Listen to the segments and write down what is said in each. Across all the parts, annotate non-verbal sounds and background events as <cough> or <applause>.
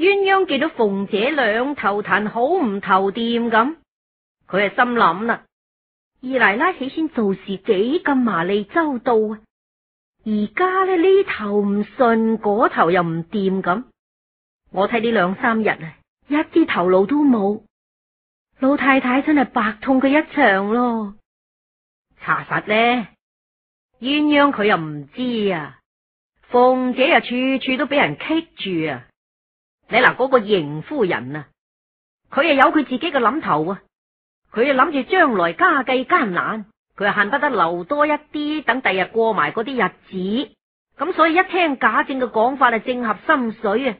鴛鴦見到鳳姐兩頭彈好唔頭掂咁，佢係心諗啦：二奶奶起先做事幾咁麻利周到啊，而家咧呢頭唔順，嗰頭又唔掂咁。我睇呢兩三日啊，一啲頭腦都冇，老太太真係白痛佢一場咯。查實咧，鴛鴦佢又唔知啊，鳳姐又處處都俾人棘住啊。你嗱，嗰個邢夫人啊，佢又有佢自己嘅諗頭啊，佢又諗住將來家計艱難，佢又恨不得留多一啲，等第日過埋嗰啲日子。咁所以一聽賈政嘅講法啊，正合心水啊。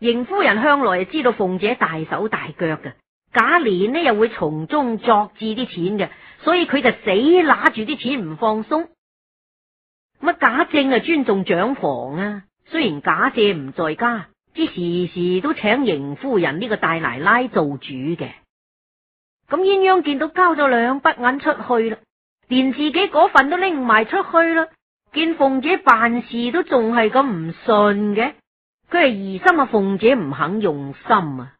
邢夫人向來就知道鳳姐大手大腳嘅啊，賈璉呢又會從中作智啲錢嘅，所以佢就死拿住啲錢唔放鬆。乜賈政啊尊重長房啊，雖然賈赦唔在家。即時時都請邢夫人呢個大奶奶做主嘅。咁鴛鴦見到交咗兩筆銀出去啦，連自己嗰份都拎唔埋出去啦，見鳳姐辦事都仲係咁唔信嘅，佢係疑心啊鳳姐唔肯用心啊，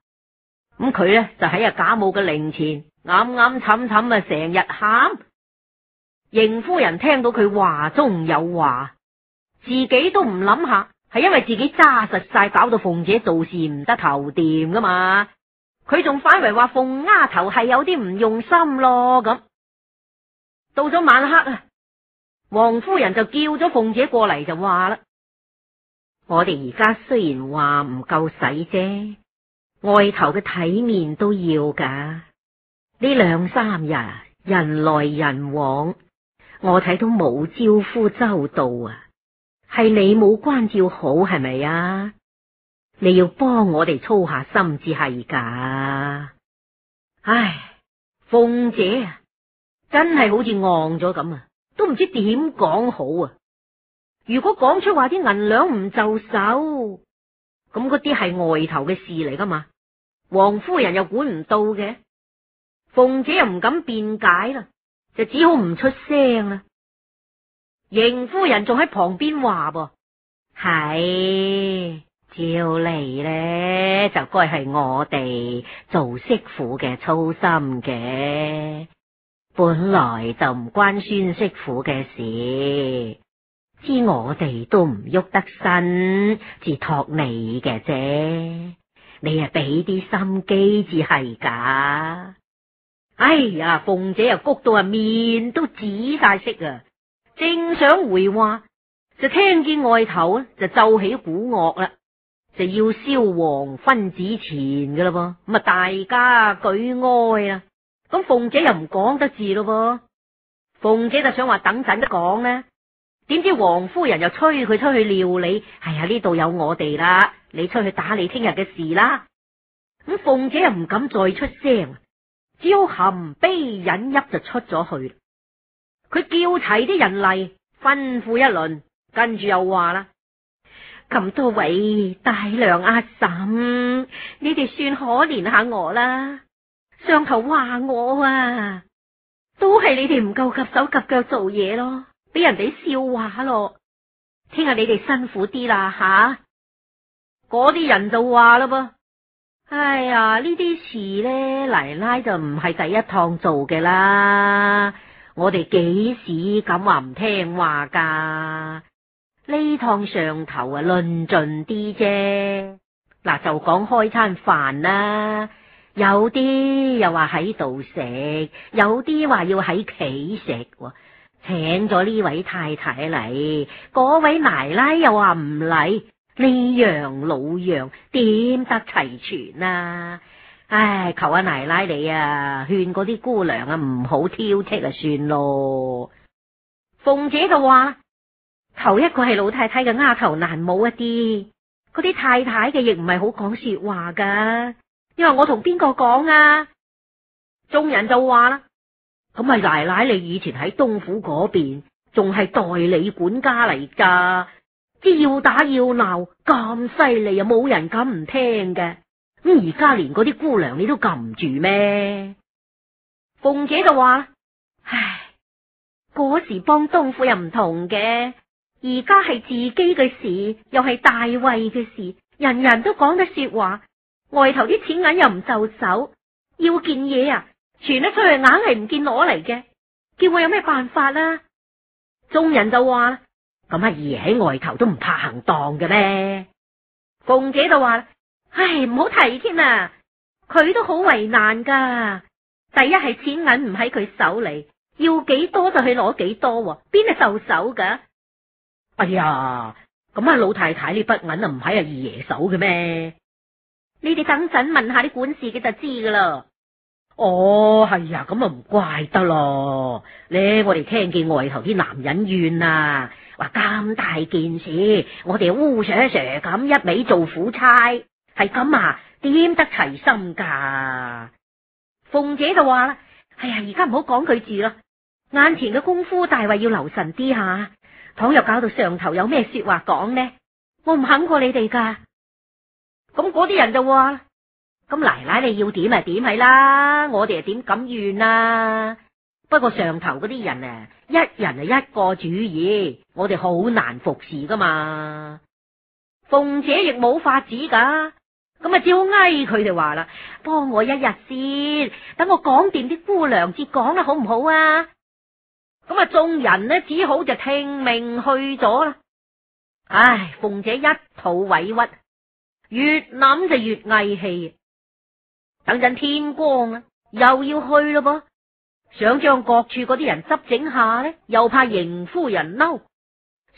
咁佢咧就喺阿賈母嘅靈前暗暗沉沉啊，成日喊。邢夫人聽到佢話中有話，自己都唔諗下，係因為自己揸實晒，搞到鳳姐做事唔得頭掂噶嘛，佢仲反為話鳳丫頭係有啲唔用心咯咁。到咗晚黑啊，王夫人就叫咗鳳姐過嚟，就話啦：我哋而家雖然話唔夠使啫，外頭嘅體面都要噶。呢兩三日啊，人來人往，我睇到冇招呼周到啊。係你冇關照好，係咪啊？你要幫我哋操下心至係噶。唉，鳳姐啊，真係好似戇咗咁啊，都唔知點講好啊。如果講出話啲銀兩唔就手，咁嗰啲係外頭嘅事嚟噶嘛，王夫人又管唔到嘅，鳳姐又唔敢辯解啦，就只好唔出聲啦。邢夫人仲喺旁邊話噃，係照嚟咧，就該係我哋做媳婦嘅操心嘅，本來就唔關孫媳婦嘅事，知我哋都唔喐得身，自託你嘅啫，你啊俾啲心機至係噶，哎呀鳳姐又谷到啊面都紫晒色啊！正想回話，就聽見外頭咧就奏起鼓樂啦，就要燒黃昏紙錢噶啦噃，咁啊大家舉哀啦，咁鳳姐又唔講得字咯噃，鳳姐就想話等陣再講呢，點知王夫人又催佢出去料理，哎呀，呢度有我哋啦，你出去打理聽日嘅事啦，咁鳳姐又唔敢再出聲，只要含悲忍泣就出咗去。佢叫齊啲人嚟，吩咐一輪，跟住又話啦：咁多位大娘阿嬸，你哋算可憐下我啦，上頭話我夾夾啊，都係你哋唔夠夾手夾腳做嘢咯，俾人哋笑話咯。聽日你哋辛苦啲啦，吓，嗰啲人就話啦噃，哎呀，呢啲事咧，奶奶就唔係第一趟做嘅啦。我哋幾時咁話唔聽話噶？呢趟上頭啊，論盡啲啫。嗱，就講開餐飯啦，有啲又話喺度食，有啲話要喺企食。哦，請咗呢位太太嚟，嗰位奶奶又話唔嚟，呢樣老樣點得齊全啊？唉，求阿、啊、奶奶你啊，勸嗰啲姑娘啊，唔好挑剔啊，算咯。鳳姐就話啦：頭一個係老太太嘅丫頭難保一啲，嗰啲太太嘅亦唔係好講說話噶。你話我同邊個講啊？眾人就話啦：咁啊奶奶你以前喺東府嗰邊，仲係代理管家嚟噶，即要打要鬧咁犀利，又冇人敢唔聽嘅。咁而家連嗰啲姑娘你都撳唔住咩？鳳姐就話：唉，嗰時幫東府又唔同嘅，而家係自己嘅事，又係大衛嘅事，人人都講得說話，外頭啲錢銀又唔就手，要件嘢啊，傳得出去硬係唔見攞嚟嘅，叫我有咩辦法啦？眾人就話：咁阿二爺喺外頭都唔怕行當嘅咩？鳳姐就話。唉，唔好提添啊，佢都好為難噶。第一係錢銀唔喺佢手嚟，要幾多就去攞幾多，邊係受手噶，哎哦？哎呀，咁阿老太太呢筆銀啊，唔喺阿二爺手嘅咩？你哋等陣問下啲管事嘅就知噶啦。哦，係呀，咁啊唔怪得咯。咧，我哋聽見外頭啲男人怨啊，話咁大件事，我哋烏蛇蛇咁一味做苦差。係咁啊，點得齊心噶、啊？鳳姐就話啦：，哎呀，而家唔好講佢字咯，眼前嘅功夫大為要留神啲下。倘、啊、若搞到上頭有咩說話講呢？我唔肯過你哋噶。咁嗰啲人就話：，咁奶奶你要點啊？點係啦，我哋啊點敢怨啊？不過上頭嗰啲人啊，一人係一個主意，我哋好難服侍噶嘛。鳳姐亦冇法子噶。咁啊！照嗌佢哋話啦，幫我一日先，等我講掂啲姑娘至講得好唔好啊？咁啊，眾人呢，只好就聽命去咗啦。唉，鳳姐一肚委屈，越諗就越翳氣。等陣天光啊，又要去咯噃，想將各處嗰啲人執整下呢，又怕邢夫人嬲，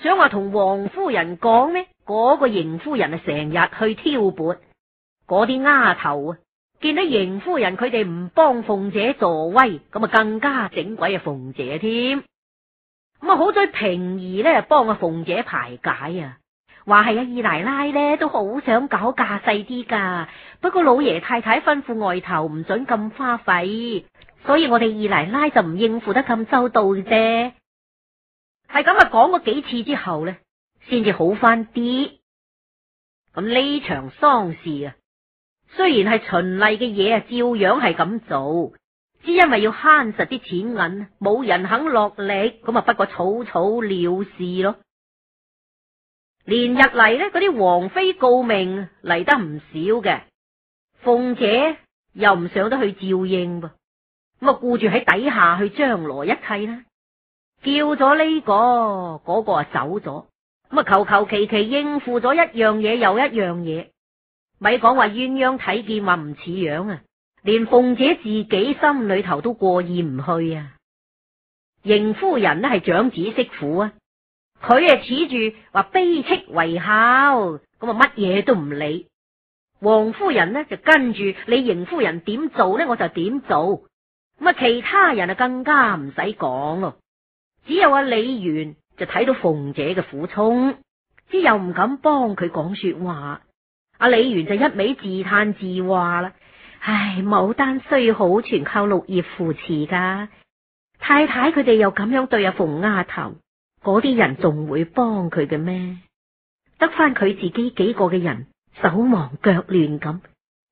想話同王夫人講呢，嗰個邢夫人啊，成日去挑撥。嗰啲丫頭啊，見到邢夫人，佢哋唔幫鳳姐助威，咁啊更加整鬼啊鳳姐添。咁啊好彩平兒咧幫阿鳳姐排解啊，話係阿二奶奶咧都好想搞架勢啲噶，不過老爺太太吩咐外頭唔准咁花費，所以我哋二奶奶就唔應付得咁周到嘅啫。係咁啊，講過幾次之後咧，先至好翻啲。咁呢場喪事啊。雖然係循例嘅嘢啊，照樣係咁做，只因為要慳實啲錢銀，冇人肯落力，咁啊，不過草草了事咯。連日嚟咧，嗰啲王妃告命嚟得唔少嘅，鳳姐又唔上得去照應噃，咁啊，顧住喺底下去張羅一切啦。叫咗呢個嗰個啊，走咗，咁啊，求求其其應付咗一樣嘢又一樣嘢。咪講話鴛鴦睇見話唔似樣啊！連鳳姐自己心裏頭都過意唔去啊！邢夫人呢係長子媳婦啊，佢啊恃住話悲戚為孝，咁啊乜嘢都唔理。王夫人呢就跟住你邢夫人點做呢，我就點做。咁啊，其他人啊更加唔使講咯。只有阿李紈就睇到鳳姐嘅苦衷，之又唔敢幫佢講說話。阿李紈就一味自嘆自話啦，唉，牡丹雖好，全靠綠葉扶持噶。太太佢哋又咁樣對阿鳳丫頭，嗰啲人仲會幫佢嘅咩？得翻佢自己幾個嘅人，手忙腳亂咁，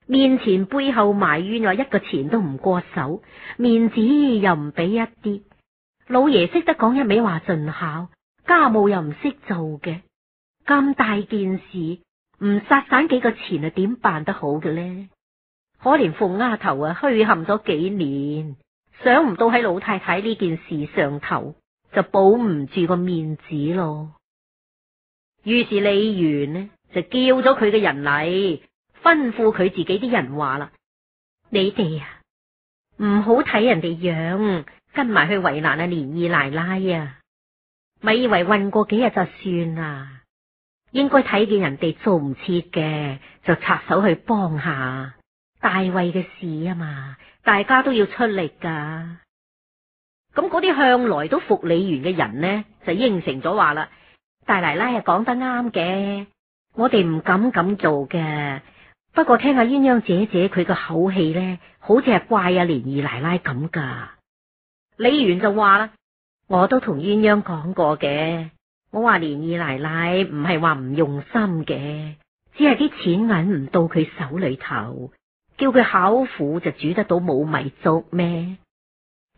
面前背後埋怨，話一個錢都唔過手，面子又唔俾一啲。老爺識得講一味話盡孝，家務又唔識做嘅，咁大件事。唔殺散幾個錢啊，點辦得好嘅咧？可憐鳳丫頭啊，虛陷咗幾年，想唔到喺老太太呢件事上頭就保唔住個面子咯。於是李紈呢就叫咗佢嘅人嚟，吩咐佢自己啲人話啦：「你哋啊，唔好睇人哋樣，跟埋去為難阿璉二奶奶啊，咪以為混過幾日就算啦。應該睇見人哋做唔切嘅，就插手去幫下大衛嘅事啊嘛！大家都要出力噶。咁嗰啲向來都服李紈嘅人呢，就應承咗話啦，大奶奶係講得啱嘅，我哋唔敢咁做嘅。不過聽阿鴛鴦姐姐佢個口氣咧，好似係怪阿、啊、璉二奶奶咁噶。李紈就話啦，我都同鴛鴦講過嘅。我話連二奶奶唔係話唔用心嘅，只係啲錢揾唔到佢手裏頭，叫佢巧婦就煮得到冇米粥咩？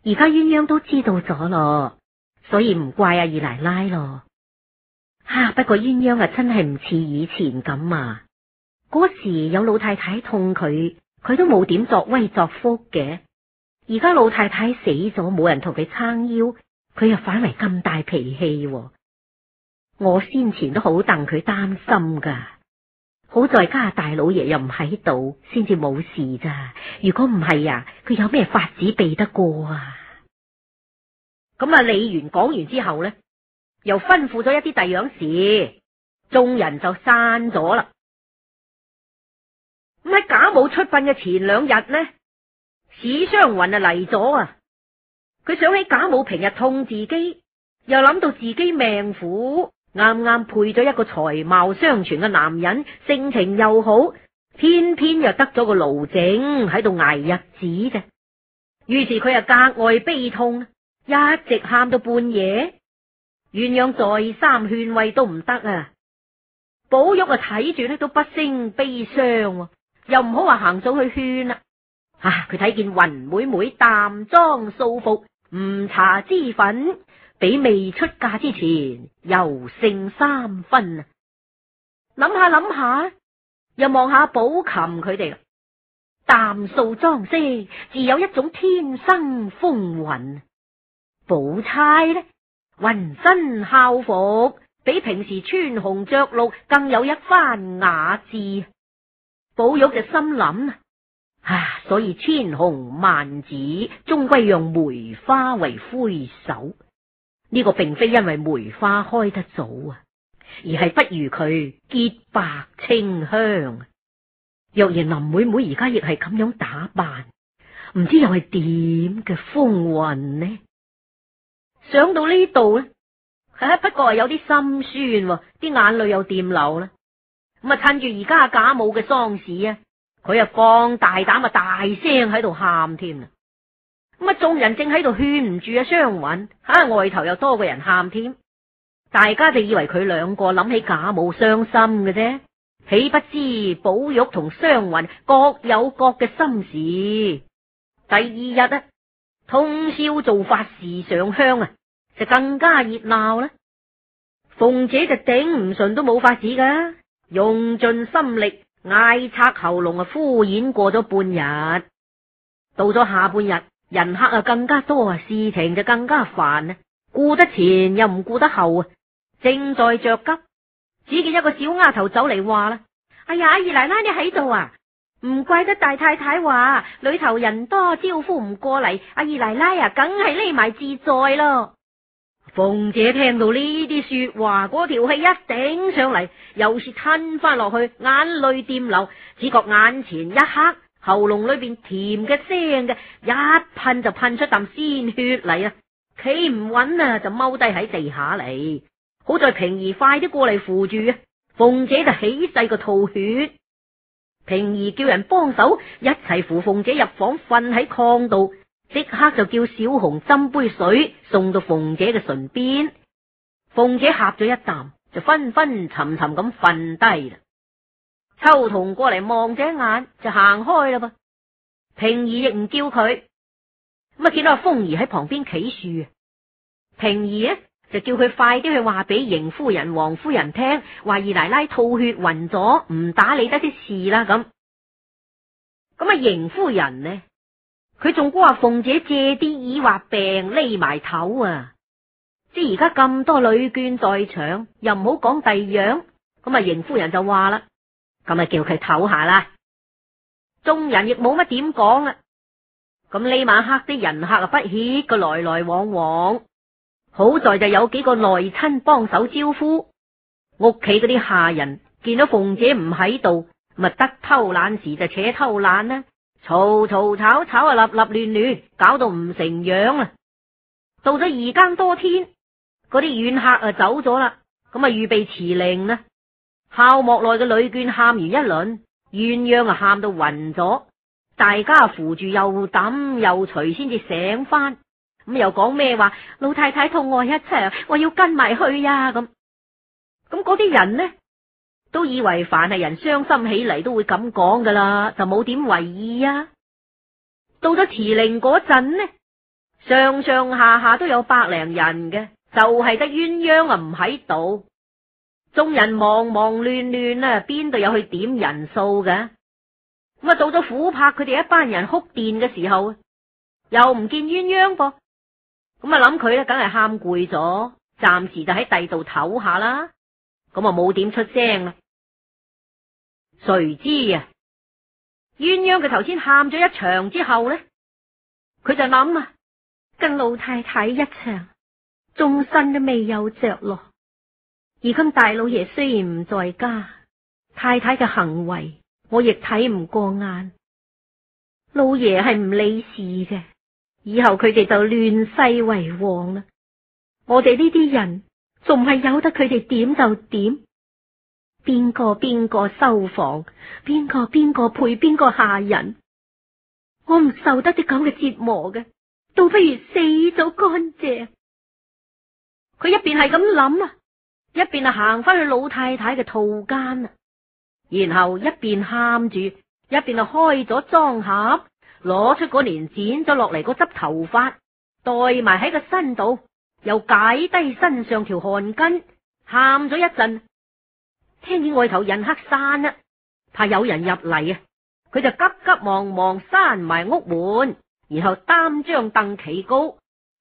而家鴛鴦都知道咗咯，所以唔怪阿二奶奶咯，啊。不過鴛鴦啊，真係唔似以前咁啊。嗰時有老太太痛佢，佢都冇點作威作福嘅。而家老太太死咗，冇人同佢撐腰，佢又反為咁大脾氣，啊。我先前都好戥佢擔心噶，好在家大老爺又唔喺度，先至冇事咋。如果唔係啊，佢有咩法子避得過啊？咁啊，李紈講完之後咧，又吩咐咗一啲弟樣事，眾人就散咗啦。咁喺賈母出殯嘅前兩日呢，史湘雲啊嚟咗啊，佢想起賈母平日痛自己，又諗到自己命苦。啱啱配咗一個才貌雙全嘅男人，性情又好，偏偏又得咗個癆症喺度挨日子啫。於是佢又格外悲痛，一直喊到半夜。鴛鴦再三勸慰都唔得啊！寶玉啊睇住呢都不勝悲傷，又唔好話行上去勸啦。啊。啊，佢睇見雲妹妹淡妝素服，唔搽脂粉。比未出嫁之前又勝三分啊！諗下諗下，又望下寶琴佢哋淡素妝飾，自有一種天生風雲。寶釵呢，渾身孝服，比平時穿紅着綠更有一番雅致。寶玉就心諗啊，所以千紅萬紫，終歸用梅花為魁首。呢個並非因為梅花開得早啊，而係不如佢潔白清香啊。若然林妹妹而家亦係咁樣打扮，唔知又係點嘅風雲呢？想到呢度咧，不過係有啲心酸，啲眼淚又掂流啦。咁、嗯、啊，趁住而家賈母嘅喪事啊，佢啊放大膽啊大聲喺度喊添啊！咁啊！眾人正喺度勸唔住啊。雙雲，吓、啊、外頭又多個人喊添，大家就以為佢兩個諗起賈母傷心嘅啫，豈不知寶玉同雙雲各有各嘅心事。第二日啊，通宵做法事上香啊，就更加熱鬧啦。鳳姐就頂唔順都冇法子噶，用盡心力嗌拆喉嚨啊，敷衍過咗半日，到咗下半日。人客啊，更加多啊，事情就更加煩啊，顧得前又唔顧得後啊，正在着急，只見一個小丫頭走嚟話啦：哎呀，二奶奶你喺度啊？唔怪得大太太話裏頭人多招呼唔過嚟，二奶奶呀，梗係匿埋自在咯。鳳姐聽到呢啲說話，嗰條氣一頂上嚟，又是吞翻落去，眼淚掂流，只覺眼前一黑。喉嚨裏邊甜嘅腥嘅，一噴就噴出啖鮮血嚟啦，企唔穩啊，就踎低喺地下嚟。好在平兒快啲過嚟扶住啊！鳳姐就起勢個吐血，平兒叫人幫手一齊扶鳳姐入房瞓喺炕度，即刻就叫小紅斟杯水送到鳳姐嘅唇邊，鳳姐呷咗一啖，就昏昏沉沉咁瞓低啦。秋桐過嚟望咗一眼，就行開啦噃。平兒亦唔叫佢，咁啊見到阿鳳兒喺旁邊企住啊。平兒呢就叫佢快啲去話俾邢夫人、王夫人聽，話二奶奶吐血暈咗，唔打理得啲事啦咁。咁啊邢夫人呢，佢仲估話鳳姐借啲耳話病，匿埋頭啊。即而家咁多女眷在場，又唔好講第樣，咁啊邢夫人就話啦。咁咪叫佢唞下啦，眾人亦冇乜點講啦。咁呢晚黑啲人客啊，不起，個來來往往，好在就有幾個內親幫手招呼屋企嗰啲下人。見到鳳姐唔喺度，咪得偷懶時就且偷懶啦。嘈嘈吵吵啊，立立、啊、亂，亂亂，搞到唔成樣啦。到咗二更多天，嗰啲遠客啊走咗啦，咁啊預備辭靈啦。泡沫內嘅女眷喊完一輪，鴛鴦啊喊到暈咗，大家扶住又揼又捶，先至醒翻咁又講咩話？老太太同我一場，我要跟埋去呀、啊！咁咁嗰啲人呢，都以為凡係人傷心起嚟都會咁講噶啦，就冇點為意啊。到咗辭靈嗰陣呢，上上下下都有百零人嘅，就係、是、得鴛鴦啊唔喺度。眾人忙忙亂亂啊，邊度有去點人數㗎？咁啊到咗琥珀佢哋一班人哭電嘅時候，又唔見鴛鴦噃，咁啊諗佢咧，梗係喊攰咗，暫時就喺第度唞下啦。咁啊冇點出聲啊。誰知啊，鴛鴦佢頭先喊咗一場之後咧，佢就諗啊，跟老太太一場，終身都未有着落。而今大老爺雖然唔在家，太太嘅行為我亦睇唔過眼。老爺係唔理事嘅，以後佢哋就亂世為王啦。我哋呢啲人仲係由得佢哋點就點，邊個邊個收房，邊個邊個配邊個下人，我唔受得啲咁嘅折磨嘅，倒不如死咗乾淨。佢一邊係咁諗啊。一邊啊行翻去老太太嘅套間啦，然後一邊喊住，一邊啊開咗裝盒，攞出個年剪咗落嚟個執頭髮，袋埋喺個身度，又解低身上條汗巾，喊咗一陣，聽見外頭人客散，啦，怕有人入嚟啊，佢就急急忙忙閂埋屋門，然後擔張凳企高。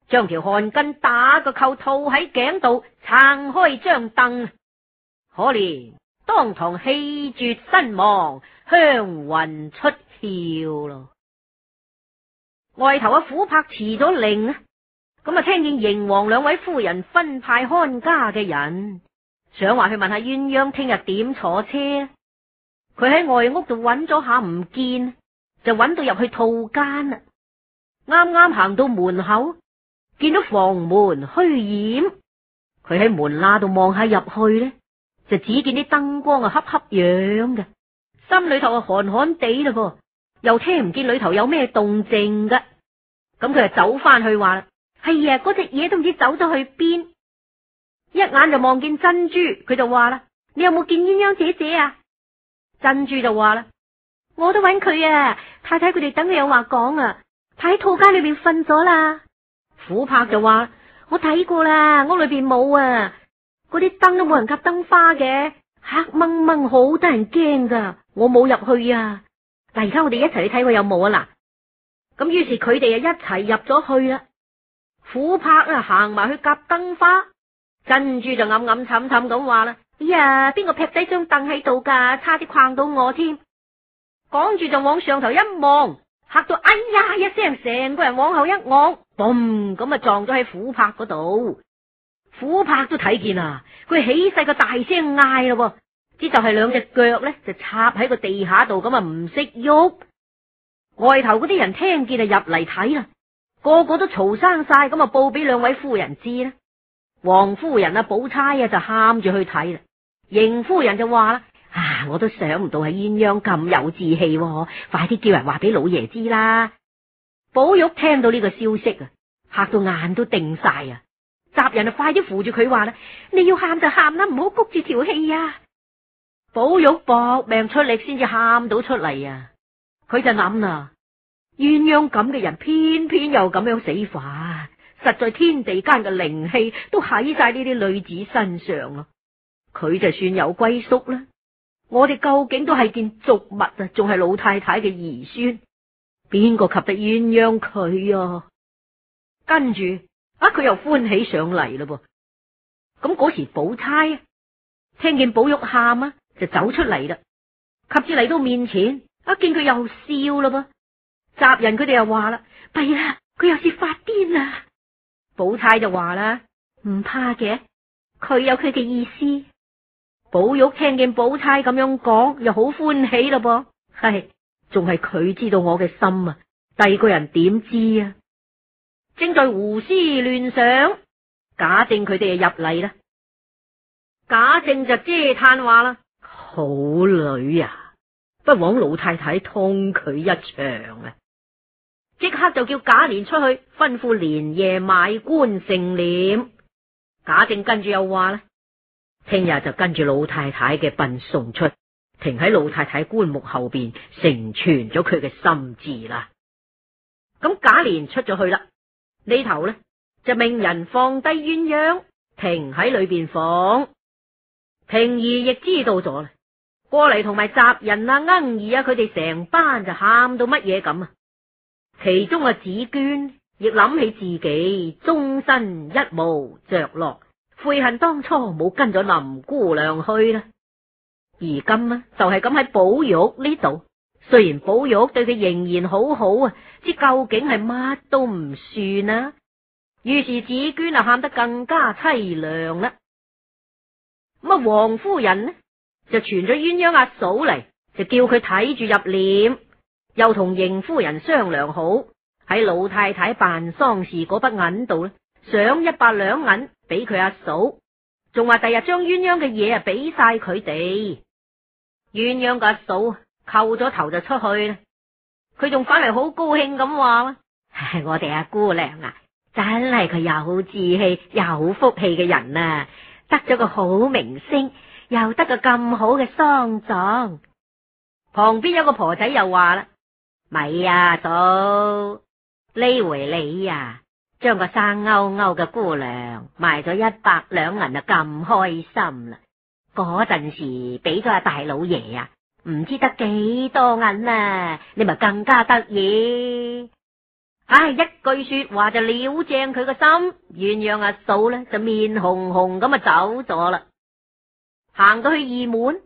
將條汗巾打個扣，套喺頸度撐開張凳，可憐當堂氣絕身亡，香魂出竅咯。外頭啊，琥珀遲咗令啊，咁啊，聽見邢王兩位夫人分派看家嘅人，想話去問下鴛鴦聽日點坐車，佢喺外屋度揾咗下唔見，就揾到入去套間啦，啱啱行到門口。見到房門虛掩，佢喺門罅度望下入去咧，就只見啲燈光啊，黑黑樣嘅，心裏頭啊寒寒地咯，又聽唔見裏頭有咩動靜噶，咁佢就走翻去話啦，係啊、哎，嗰隻嘢都唔知走咗去邊，一眼就望見珍珠，佢就話啦，你有冇見鴛鴦姐姐啊？珍珠就話啦，我都揾佢啊，太太佢哋等佢有話講啊，太喺套間裏邊瞓咗啦。琥珀就話：我睇過啦，屋裏邊冇啊，嗰啲燈都冇人夾燈花嘅，黑掹掹好得人驚噶，我冇入去啊！嗱，而家我哋一齊去睇下有冇啊？嗱、啊，咁於是佢哋就一齊入咗去啦。琥珀啊，行埋去夾燈花，跟住就暗暗沉沉咁話啦：哎呀，邊個劈低張凳喺度噶？差啲框到我添。講住就往上頭一望，吓到哎呀一聲，成個人往後一昂。嘣咁啊，撞咗喺琥珀嗰度，琥珀都睇見啦，佢起勢個大聲嗌咯，只就係兩隻腳咧就插喺個地下度咁啊唔識喐，外頭嗰啲人聽見啊入嚟睇啦，個個都嘈生晒咁啊報俾兩位夫人知啦，王夫人啊寶釵啊就喊住去睇啦，邢夫人就話啦，啊我都想唔到喺鴛鴦咁有志氣啊，快啲叫人話俾老爺知啦。寶玉聽到呢個消息啊，吓到眼都定晒啊！襲人就快啲扶住佢話啦：你要喊就喊啦，唔好谷住條氣啊！寶玉搏命出力先至喊到出嚟啊！佢就諗啦：鴛鴦咁嘅人，偏偏又咁樣死法，實在天地間嘅靈氣都喺晒呢啲女子身上啊！佢就算有歸宿啦，我哋究竟都係件俗物啊，仲係老太太嘅兒孫。邊個及得鴛鴦佢啊？跟住啊，佢又歡喜上嚟啦噃。咁、啊、嗰時寶、啊，寶釵聽見寶玉喊啊，就走出嚟啦。及至嚟到面前，一、啊、見佢又笑啦噃，襲人佢哋又話啦：，弊啦，佢又似發癲啦。寶釵就話啦：，唔怕嘅，佢有佢嘅意思。寶玉聽見寶釵咁樣講，又好歡喜啦噃，係。仲係佢知道我嘅心啊！第二個人點知啊？正在胡思亂想。賈政佢哋啊入嚟啦。賈政就嗟嘆話啦：，好女啊，不枉老太太痛佢一場啊！即刻就叫賈璉出去，吩咐連夜買棺盛殮。賈政跟住又話啦：，聽日就跟住老太太嘅殯送出。停喺老太太棺木後邊，成全咗佢嘅心智啦。咁賈璉出咗去啦，呢頭咧就命人放低鴛鴦，停喺裏邊房。平兒亦知道咗啦，過嚟同埋襲人啊、鶯兒啊，佢哋成班就喊到乜嘢咁啊！其中啊，紫鵑亦諗起自己終身一無着落，悔恨當初冇跟咗林姑娘去啦。而今啊，就係咁喺寶玉呢度，雖然寶玉對佢仍然好好啊，即究竟係乜都唔算啦。於是紫鵑啊，喊得更加淒涼啦。咁啊，王夫人呢就傳咗鴛鴦阿嫂嚟，就叫佢睇住入殮，又同邢夫人商量好喺老太太辦喪事嗰筆銀度咧，賞一百兩銀俾佢阿嫂，仲話第日將鴛鴦嘅嘢啊俾晒佢哋。鴛鴦個嫂叩咗頭就出去啦，佢仲返嚟好高興咁話， <laughs> 我哋阿姑娘啊，真係佢有志氣、有福氣嘅人啊，得咗個好名聲，又得個咁好嘅喪葬。旁邊有個婆仔又話啦，咪阿、 <laughs> 啊、嫂，呢回你啊，將個生勾勾嘅姑娘賣咗一百兩銀啊，咁開心啦！嗰陣時俾咗阿大老爺啊，唔知得幾多銀啊！你咪更加得意，唉、哎！一句說話就了正佢個心，鴛鴦阿嫂咧就面紅紅咁啊走咗啦。行到去二門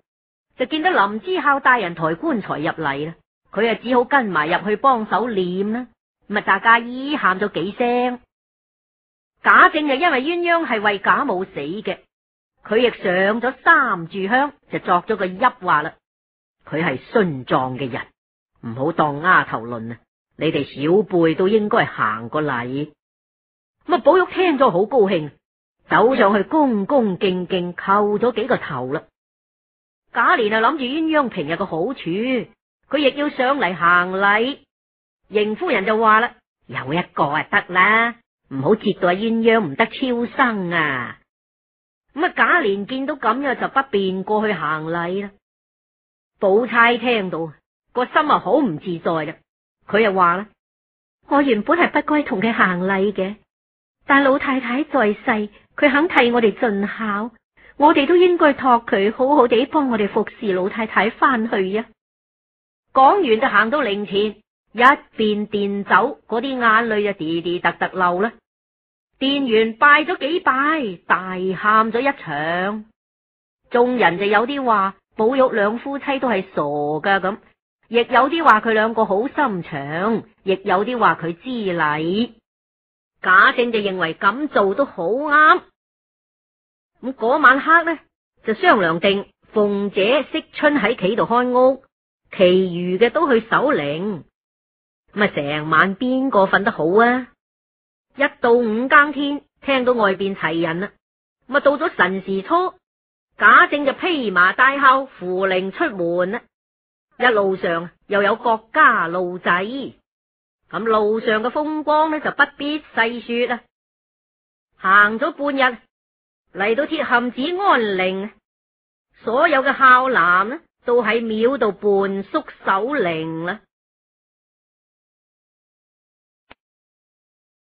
就見到林之孝帶人抬棺材入嚟啦，佢啊只好跟埋入去幫手唸啦。咪啊，大家姨喊咗幾聲。賈政就因為鴛鴦係為賈母死嘅。佢亦上咗三炷香，就作咗個揖，話啦：佢係殉葬嘅人，唔好當丫頭論啊！你哋小輩都應該行個禮。咁啊，寶玉聽咗好高興，走上去恭恭敬敬叩咗幾個頭啦。賈璉啊諗住鴛鴦平日嘅好處，佢亦要上嚟行禮。邢夫人就話啦：有一個就得啦，唔好折到啊鴛鴦唔得超生啊！咁賈璉見到咁樣，就不便過去行禮啦。寶釵聽到個心啊好唔自在啦，佢又話啦：我原本係不該同佢行禮嘅，但老太太在世，佢肯替我哋盡孝，我哋都應該託佢好好地幫我哋服侍老太太翻去啊。講完就行到靈前，一邊奠酒，嗰啲眼淚就滴滴答答流啦。店員拜咗幾拜，大喊咗一場，眾人就有啲話寶玉兩夫妻都係傻噶咁，亦有啲話佢兩個好心腸，亦有啲話佢知禮。賈政就認為咁做都好啱，咁嗰晚黑呢就商量定鳳姐、惜春喺企度開屋，其餘嘅都去守靈。咁啊，成晚邊個瞓得好啊？一到五更天，聽到外邊齊人啦，咁啊到咗辰時初，賈政就披麻戴孝扶靈出門啦。一路上又有各家路仔，咁路上嘅風光咧就不必細說啦。行咗半日，嚟到鐵檻寺安靈，所有嘅孝男呢都喺廟度伴宿守靈啦。